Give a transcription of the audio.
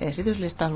esityslistan